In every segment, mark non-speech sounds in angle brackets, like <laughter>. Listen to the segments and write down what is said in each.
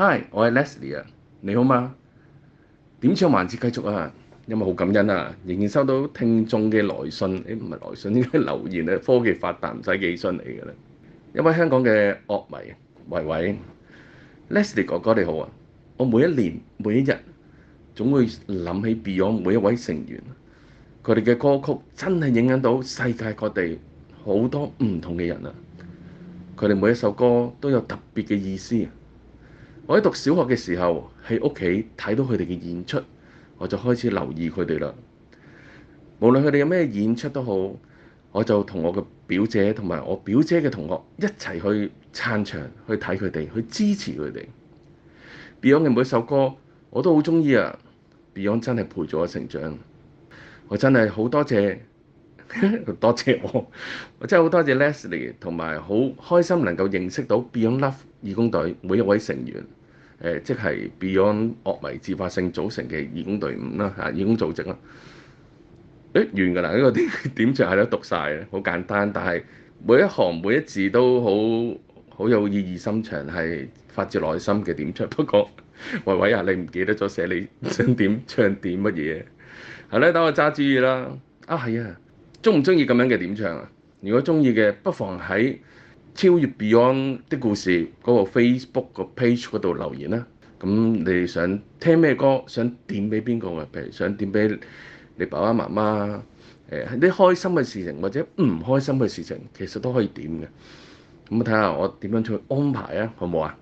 Hi，我係 Leslie 啊，你好嗎？點唱環節繼續啊，因為好感恩啊，仍然收到聽眾嘅來信，誒唔係來信應該留言啊。科技發達唔使寄信嚟嘅啦。一位香港嘅樂迷維維，Leslie 哥哥哥你好啊，我每一年每一日總會諗起 Beyond 每一位成員，佢哋嘅歌曲真係影響到世界各地好多唔同嘅人啊，佢哋每一首歌都有特別嘅意思。我喺讀小學嘅時候，喺屋企睇到佢哋嘅演出，我就開始留意佢哋喇。無論佢哋有咩演出都好，我就同我嘅表姐同埋我表姐嘅同學一齊去撐場，去睇佢哋，去支持佢哋。Beyond 嘅每一首歌我都好鍾意啊！Beyond 真係陪咗我成長，我真係好多謝。 <laughs> 多謝我，我真係好多謝 Leslie 同埋，好開心能夠認識到 Beyond Love 義工隊每一位成員。呃、即係 Beyond 樂迷自發性組成嘅義工隊伍啦，嚇義工組織啦。誒，完㗎啦，呢、呢個點點唱係都讀晒，好簡單，但係每一行每一字都好好有意義深長，係發自內心嘅點唱。不過維維啊，你唔記得咗寫你想點唱點乜嘢係咧？等 <laughs> 我揸主意啦。啊，係啊。鍾唔鍾意咁樣嘅點唱啊？如果鍾意嘅，不妨喺超越 Beyond 的故事嗰、那個 Facebook 個 page 嗰度留言啦、啊。咁你想聽咩歌，想點俾邊個啊？譬如想點俾你爸爸媽媽，誒、欸、啲開心嘅事情或者唔開心嘅事情，其實都可以點嘅。咁睇下我點樣去安排啊？好唔好啊？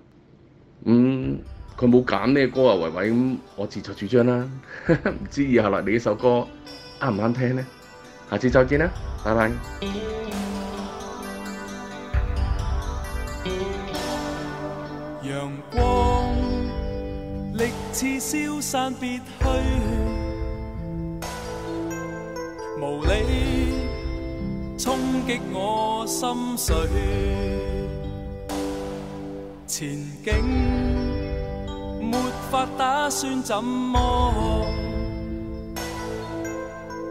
咁佢冇揀咩歌啊，維維咁我自作主張啦、啊。唔 <laughs> 知以後啦，你呢首歌啱唔啱聽呢？下次再見啦！拜拜。陽光歷刺消散，別去無理，衝擊我心碎，前景沒法打算怎麼